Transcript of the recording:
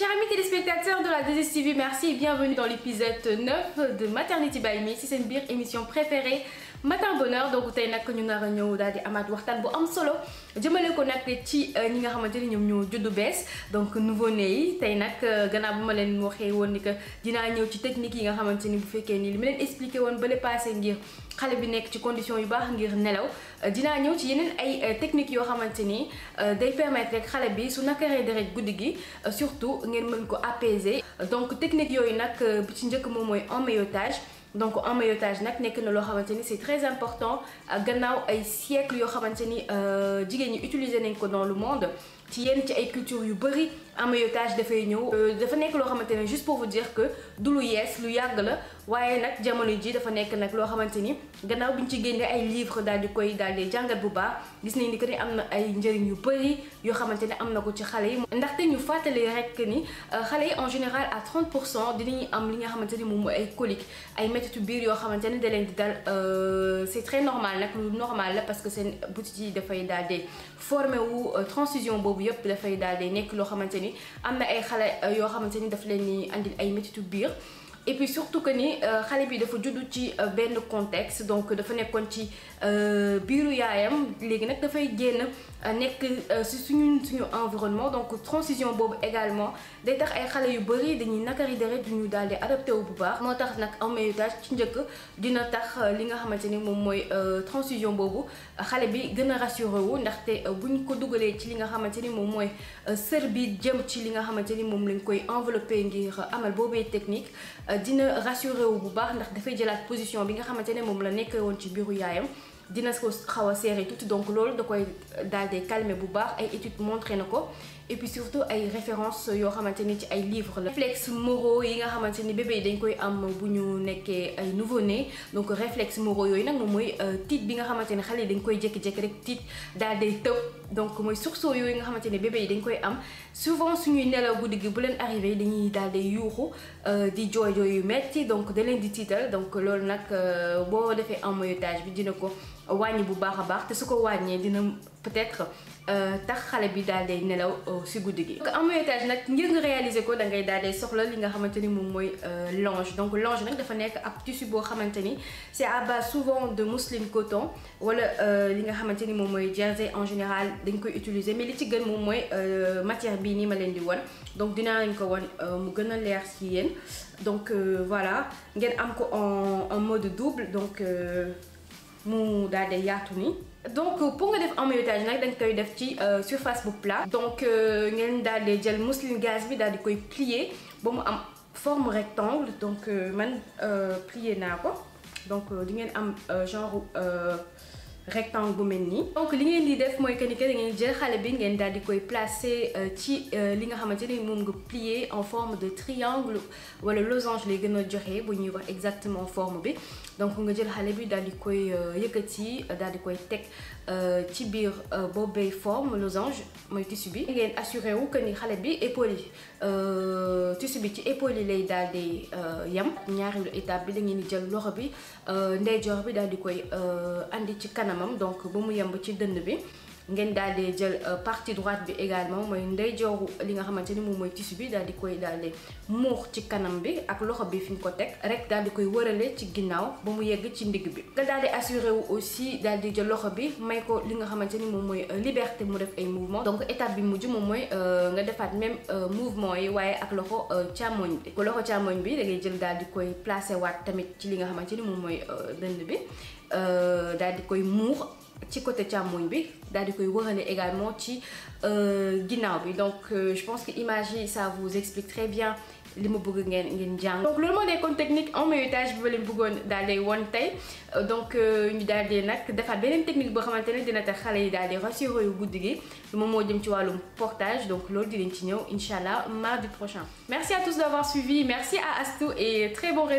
Chers amis téléspectateurs de la 2STV, merci et bienvenue dans l'épisode 9 de Maternity by Me. C'est une bière émission préférée matin bonheur donc tey nag ñu nar a ñëw daal di amaat waxtaan bu am solo jëmale ko nag ci euh, ñi nga xamante ni ñoom ñoo juddu bees donc nouveau né yi tey nag euh, gannaaw bu ma leen waxee woon ni que dinaa ñëw ci technique yi nga xamante ni bu fekkee nii li ma leen expliqué woon bële passé ngir xale bi nekk ci condition yu baax ngir nelaw euh, dinaa ñëw ci yeneen ay technique yoo xamante ni day permettre rek xale bi su nakaree deret guddi gi surtout ngeen mën ko apaiser donc technique yooyu nag bi ci njëkk moom mooy emmaillotage donc emmaillotage nag nekk na loo xamante ni c'est très important gannaaw ay siècles yoo xamante ni euh, jigéen ñi utiliser nañ ko dans le monde ci yenn ci ay culture yu bëri emmaillotage dafay ñëw euh, dafa nekk loo xamante ne juste pour vous dire que du lu yees lu yàgg la waaye nag jamono ji dafa nekk nag loo xamante ni gannaaw bi ñu ci génnee ay livre daal di koy daal di jàngat bu baax gis nañ ni que ni am na ay njëriñ yu bëri yoo xamante ne am na ko ci xale yi ndaxte ñu fàttali rek ni euh, xale yi en général à 30 pour cent dinañu am li nga xamante ni moom ay colique ay méttitu biir yoo xamante ne da leen di dal euh, c'est très normal nag lu normal parce que seen butit yi dafay daal boobu boobu yëpp dafay daal de nekk loo xamante ni am na ay xale euh, yoo xamante ni daf leen ni andil ay métitu biir et surtout que ni euh, xale bi dafa juddu ci euh, benn contexte donc dafa nekkoon ci euh, biiru yaayam léegi nag dafay génn nekk si suñu suñu environnement donc transition boobu également day tax ay xale yu bëri dañuy nakari deret du ñu daal di adapté wu bu baax moo tax nag emmaillotage ci njëkk dina tax li nga xamante ni moom mooy transition boobu xale bi gën a rassuré wu ndaxte buñ ko dugalee ci li nga xamante ni moom mooy sër bi jëm ci li nga xamante ni moom lañ koy enveloppé ngir amal boobee technique dina rassuré wu bu baax ndax dafay jëlaat position bi nga xamante ne moom la nekke woon ci biiru yaayam dina ko xaw a serré tuuti donc loolu da koy daal di calmer bu baax ay études montré na ko et puis surtout ay références yoo xamante ni ci ay livres la réflexes moraux yi nga xamante ni bébé yi dañ koy am bu ñu nekkee ay nouveau-né donc réflexes moraux yooyu nag moom mooy euh, tiit bi nga xamante ni xale yi dañ koy jékki-jékki rek tiit daal day tëb donc mooy sursaut yooyu nga xamante ni bébé yi dañ koy am souvent suñuy nelaw guddi gi bu leen arrivé dañuy daal di yuuxu euh, di jooy jooy yu metti donc da di tiital donc loolu nag euh, boo defee emmaillotage bi dina ko wàññi bu baax a baax te su ko wàññee dina peut-être euh, tax xale bi daal day nelaw euh, si guddi gi. donc amouettage nag ngir nga réaliser ko da ngay daal day soxla li nga xamante ni moom mooy euh, lange donc lange nag dafa nekk ab tissu boo xamante ni c'est à base souvent de mousseline coton wala li nga xamante ni moom mooy jersey en général dañ koy utiliser mais li ci gën moom mooy matière bii nii ma leen di won donc dinaa leen ko won mu gën a leer si yéen donc voilà ngeen am ko en en mode double donc. mu daal di yaatu nii donc pour nga def emmaillotage nag dañ koy def ci euh, surface bu plat donc euh, ngeen daal di jël mousseline gaz bi daal di koy plier ba mu am forme rectangle donc euh, man plier naa ko donc di ngeen am genre rectangle bu mel nii donc li ngeen di def mooy que ni que da ngeen jël xale bi ngeen daal di koy placer euh, ci euh, li nga xamante ni moom nga plier en forme de triangle wala losange lay gën a joxe bu ñuy wax exactement forme bi donc nga jël xale bi daal di koy euh, yëkkati daal di koy teg ci biir boobee forme losange mooy tissu bi ngeen assuré wu que ni xale bi épaule yi tissu bi ci épaule yi lay daal yam yem ñaareelu étape bi da ngeen jël loxo bi ndeyjoor bi daal di koy indi ci kanam kanamam donc ba mu yemb ci dënn bi ngeen daal di jël euh, partie droite bi également mooy ndeyjooru li nga xamante ni moom mooy tissu bi daal di koy daal di muur ci kanam bi ak loxo bi fi ñu ko teg rek daal di koy wërale ci ginnaaw ba mu yegg ci ndigg bi nga daal di assuré wu aussi daal di jël loxo bi may ko li nga xamante ni moom mooy euh, liberté mu def ay mouvement donc étape bi mujj moom mooy euh, nga defaat même mouvement yi waaye ak loxo càmmoñ bi ko loxo càmmoñ bi da ngay jël daal di koy placé waat tamit ci li nga xamante ni moom mooy dënn bi daal di koy muur ci côté càmmoñ bi daal di koy wërale également ci euh, ginnaaw bi donc euh, je que image yi ça vous explique très bien li ma bëgg ngeen ngeen jàng. donc loolu moo nekkoon technique en maillotage bi ma leen bëggoon daal di won tey euh, donc ñu daal dee nag defaat beneen technique boo xamante ne dina tax xale yi daal di rassuré yu guddi gi moom moo jëm ci wàllum portage donc loolu di leen ci ñëw incha allah mardi prochain. merci à tous d'avoir suivi merci à Astou et très bon